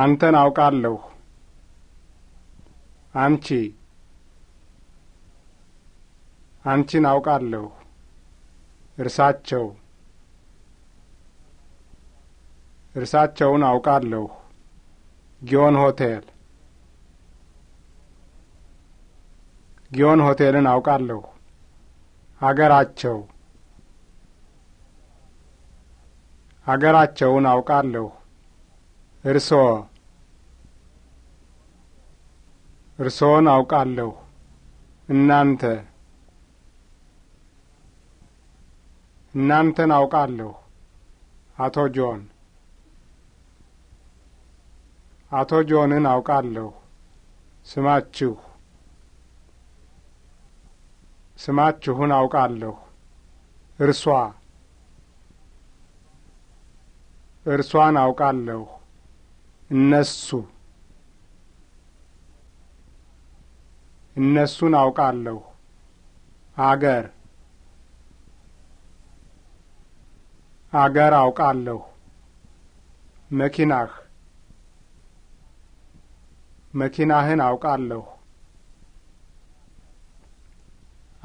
አንተን አውቃለሁ። አንቺ አንቺን አውቃለሁ። እርሳቸው እርሳቸውን አውቃለሁ። ጊዮን ሆቴል ጊዮን ሆቴልን አውቃለሁ። አገራቸው አገራቸውን አውቃለሁ። እርሶ እርሶን አውቃለሁ። እናንተ እናንተን አውቃለሁ። አቶ ጆን አቶ ጆንን አውቃለሁ። ስማችሁ ስማችሁን አውቃለሁ። እርሷ እርሷን አውቃለሁ። እነሱ እነሱን አውቃለሁ። አገር አገር አውቃለሁ። መኪናህ መኪናህን አውቃለሁ።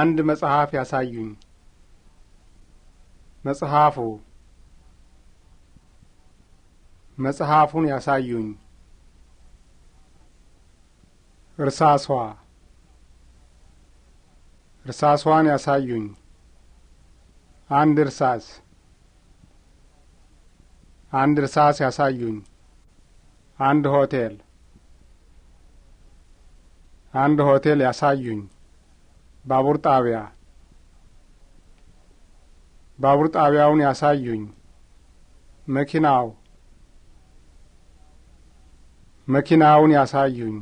አንድ መጽሐፍ ያሳዩኝ። መጽሐፉ መጽሐፉን ያሳዩኝ። እርሳሷ እርሳሷን ያሳዩኝ። አንድ እርሳስ አንድ እርሳስ ያሳዩኝ። አንድ ሆቴል አንድ ሆቴል ያሳዩኝ። ባቡር ጣቢያ ባቡር ጣቢያውን ያሳዩኝ። መኪናው መኪናውን ያሳዩኝ።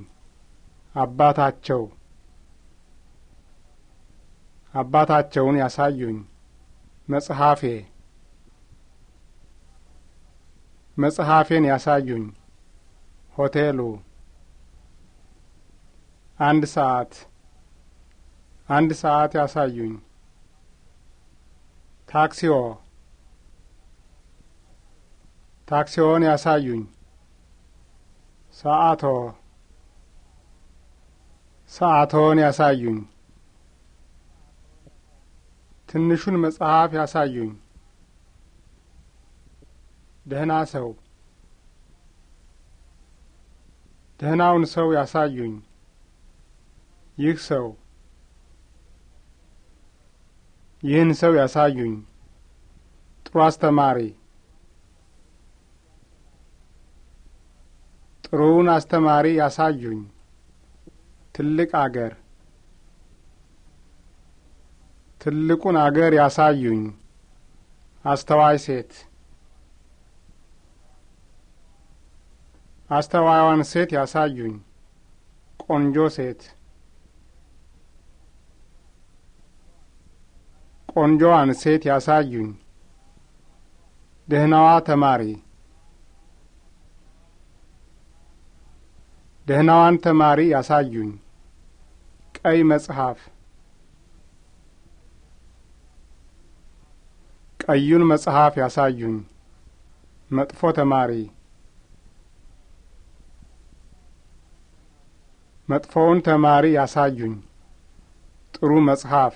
አባታቸው አባታቸውን ያሳዩኝ። መጽሐፌ መጽሐፌን ያሳዩኝ። ሆቴሉ አንድ ሰዓት አንድ ሰዓት ያሳዩኝ። ታክሲዎ ታክሲዎን ያሳዩኝ። ሰዓቶ ሰዓቶን ያሳዩኝ። ትንሹን መጽሐፍ ያሳዩኝ። ደህና ሰው ደህናውን ሰው ያሳዩኝ። ይህ ሰው ይህን ሰው ያሳዩኝ። ጥሩ አስተማሪ ጥሩውን አስተማሪ ያሳዩኝ። ትልቅ አገር ትልቁን አገር ያሳዩኝ። አስተዋይ ሴት አስተዋይዋን ሴት ያሳዩኝ። ቆንጆ ሴት ቆንጆዋን ሴት ያሳዩኝ። ደህናዋ ተማሪ ደህናዋን ተማሪ ያሳዩኝ። ቀይ መጽሐፍ ቀዩን መጽሐፍ ያሳዩኝ። መጥፎ ተማሪ መጥፎውን ተማሪ ያሳዩኝ። ጥሩ መጽሐፍ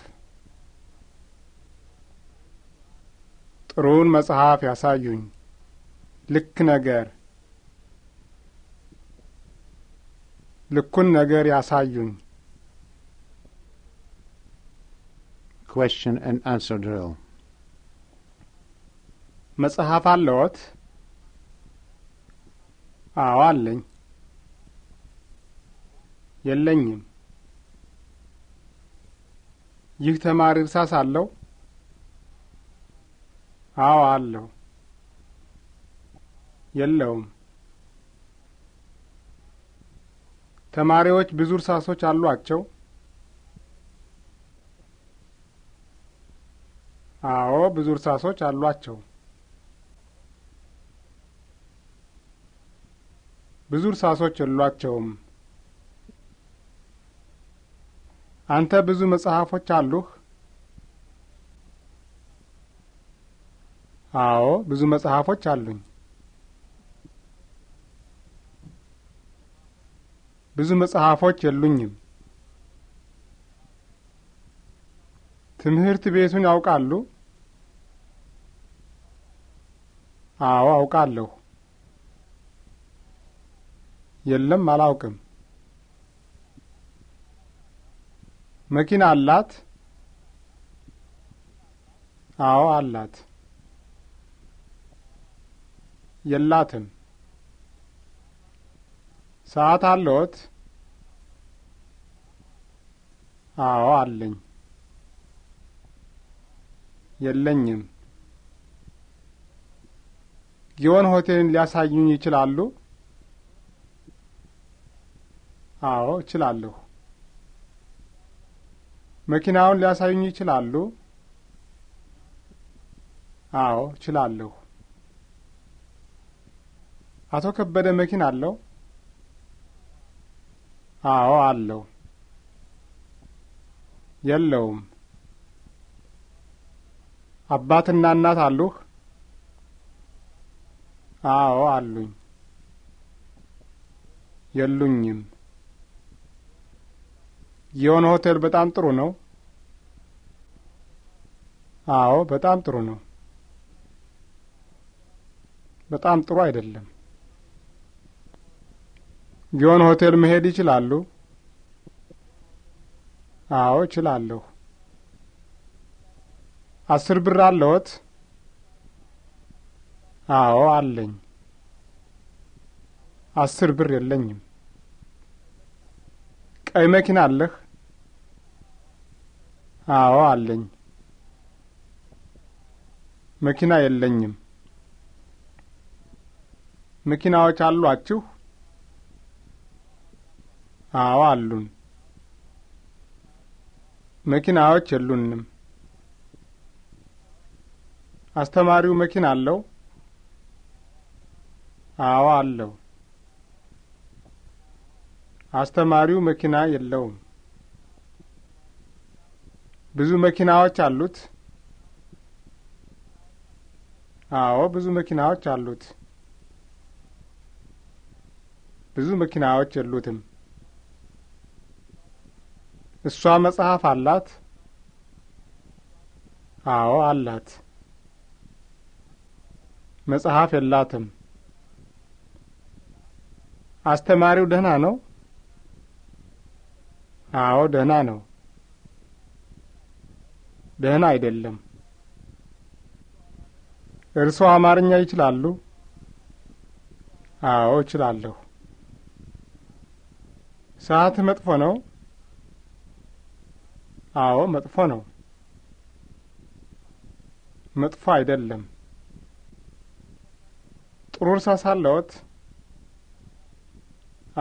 ጥሩውን መጽሐፍ ያሳዩኝ። ልክ ነገር ልኩን ነገር ያሳዩኝ። question መጽሐፍ አለዎት? አዎ አለኝ። የለኝም። ይህ ተማሪ እርሳስ አለው? አዎ አለው። የለውም። ተማሪዎች ብዙ እርሳሶች አሏቸው? አዎ፣ ብዙ እርሳሶች አሏቸው። ብዙ እርሳሶች የሏቸውም። አንተ ብዙ መጽሐፎች አሉህ? አዎ፣ ብዙ መጽሐፎች አሉኝ። ብዙ መጽሐፎች የሉኝም። ትምህርት ቤቱን ያውቃሉ? አዎ አውቃለሁ። የለም አላውቅም። መኪና አላት? አዎ አላት። የላትም ሰዓት አለዎት? አዎ አለኝ። የለኝም። ጊዮን ሆቴልን ሊያሳዩኝ ይችላሉ? አዎ እችላለሁ። መኪናውን ሊያሳዩኝ ይችላሉ? አዎ እችላለሁ። አቶ ከበደ መኪና አለው? አዎ አለው። የለውም። አባትና እናት አሉህ? አዎ አሉኝ። የሉኝም። የሆነ ሆቴል በጣም ጥሩ ነው? አዎ በጣም ጥሩ ነው። በጣም ጥሩ አይደለም። ጊዮን ሆቴል መሄድ ይችላሉ? አዎ እችላለሁ። አስር ብር አለዎት? አዎ አለኝ። አስር ብር የለኝም። ቀይ መኪና አለህ? አዎ አለኝ። መኪና የለኝም። መኪናዎች አሏችሁ? አዎ አሉን። መኪናዎች የሉንም። አስተማሪው መኪና አለው? አዎ አለው። አስተማሪው መኪና የለውም። ብዙ መኪናዎች አሉት? አዎ ብዙ መኪናዎች አሉት። ብዙ መኪናዎች የሉትም። እሷ መጽሐፍ አላት? አዎ አላት። መጽሐፍ የላትም። አስተማሪው ደህና ነው? አዎ ደህና ነው። ደህና አይደለም። እርስዎ አማርኛ ይችላሉ? አዎ እችላለሁ። ሰዓት መጥፎ ነው? አዎ መጥፎ ነው። መጥፎ አይደለም። ጥሩ እርሳስ አለዎት?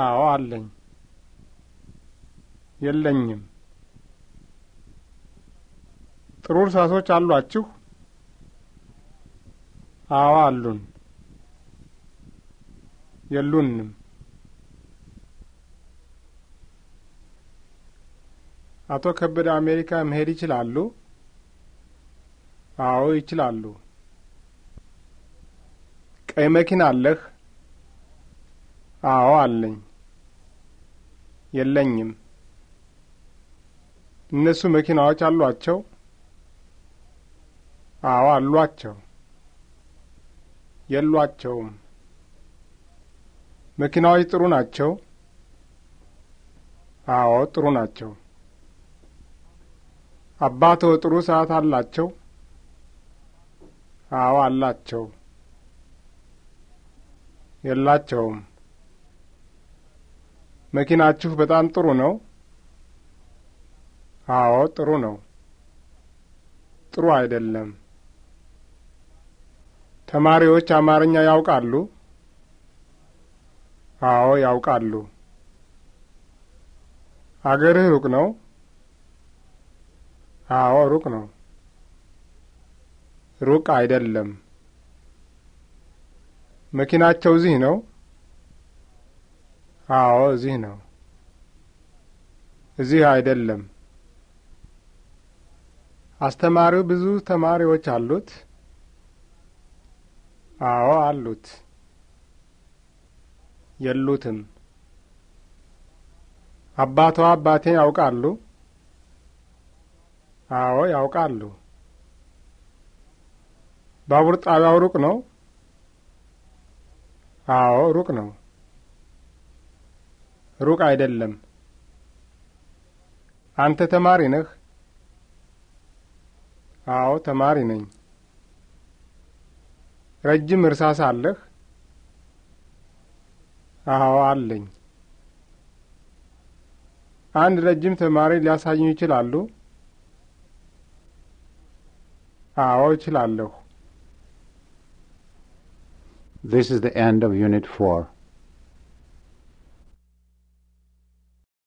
አዎ አለኝ። የለኝም። ጥሩ እርሳሶች አሏችሁ? አዎ አሉን። የሉንም። አቶ ከበደ አሜሪካ መሄድ ይችላሉ? አዎ ይችላሉ። ቀይ መኪና አለህ? አዎ አለኝ። የለኝም። እነሱ መኪናዎች አሏቸው? አዎ አሏቸው። የሏቸውም። መኪናዎች ጥሩ ናቸው? አዎ ጥሩ ናቸው። አባቶ ጥሩ ሰዓት አላቸው? አዎ አላቸው። የላቸውም። መኪናችሁ በጣም ጥሩ ነው? አዎ ጥሩ ነው። ጥሩ አይደለም። ተማሪዎች አማርኛ ያውቃሉ? አዎ ያውቃሉ። አገርህ ሩቅ ነው? አዎ ሩቅ ነው። ሩቅ አይደለም። መኪናቸው እዚህ ነው? አዎ እዚህ ነው። እዚህ አይደለም። አስተማሪው ብዙ ተማሪዎች አሉት? አዎ አሉት። የሉትም። አባቷ አባቴን ያውቃሉ? አዎ ያውቃሉ። ባቡር ጣቢያው ሩቅ ነው? አዎ ሩቅ ነው። ሩቅ አይደለም። አንተ ተማሪ ነህ? አዎ ተማሪ ነኝ። ረጅም እርሳስ አለህ? አዎ አለኝ። አንድ ረጅም ተማሪ ሊያሳዩኝ ይችላሉ? አዎ እችላለሁ። This is the end of Unit 4.